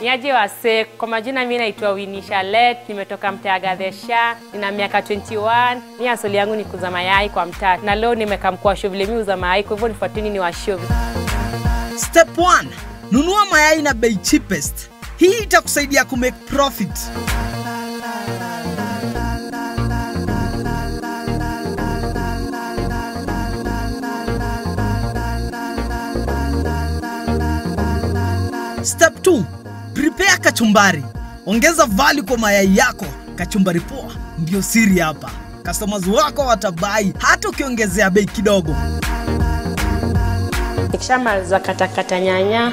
Niaje wase, kwa majina mimi naitwa Winnie Charlotte, nimetoka mtaa Gadhesha, nina miaka 21. Mimi asili yangu ni kuza mayai kwa mtaa, na leo nimekamkua mkoa wa mimi uza mayai, kwa hivyo nifuatini ni Washove. Step 1, nunua mayai na bei cheapest. Hii itakusaidia kumake profit. Step 2 Prepare kachumbari. Ongeza value kwa mayai yako. Kachumbari poa ndio siri hapa. Customers wako watabai hata ukiongezea bei kidogo. Nikishamaliza katakata nyanya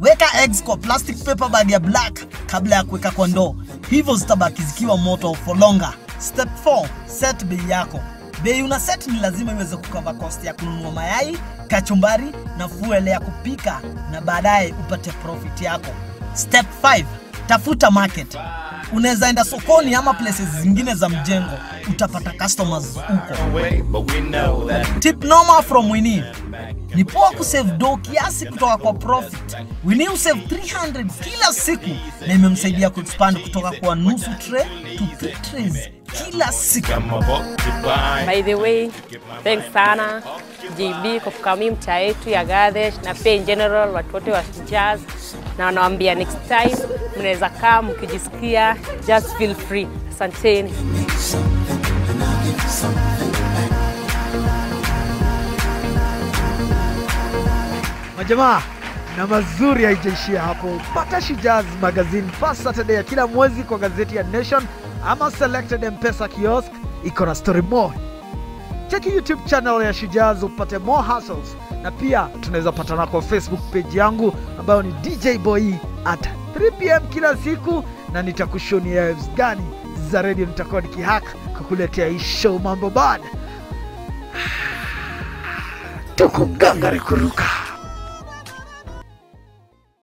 Weka eggs kwa plastic paper bag ya black kabla ya kuweka kwa ndoo, hivyo zitabaki zikiwa moto for longer. Step 4, set bei yako. Bei una set ni lazima iweze kukava cost ya kununua mayai, kachumbari na fuel ya kupika na baadaye upate profit yako. Step 5, tafuta market. Unaweza enda sokoni ama places zingine za mjengo, utapata customers huko. Tip noma from Winnie. Ni poa kusave do kiasi kutoka kwa profit. Winnie save 300 kila siku na imemsaidia kuexpand kutoka kwa nusu tre to t trays kila siku. By the way, thanks sana JB kwa kukamii mta yetu ya Gadesh na pia in general watu wote wa jazz, na wanawambia next time mnaweza kaa mkijisikia, just feel free. Asanteni. jamaa na mazuri haijaishia hapo. Pata Shijaz Magazine first Saturday ya kila mwezi kwa gazeti ya Nation ama selected mpesa kiosk, iko na story more. Cheki YouTube channel ya Shijaz upate more hustles, na pia tunaweza patana kwa Facebook page yangu ambayo ni DJ Boy at 3 pm kila siku, na nitakushonia vibes gani za redio nitakuwa nikihack kukuletea hii show mambo bad tukugangare kuruka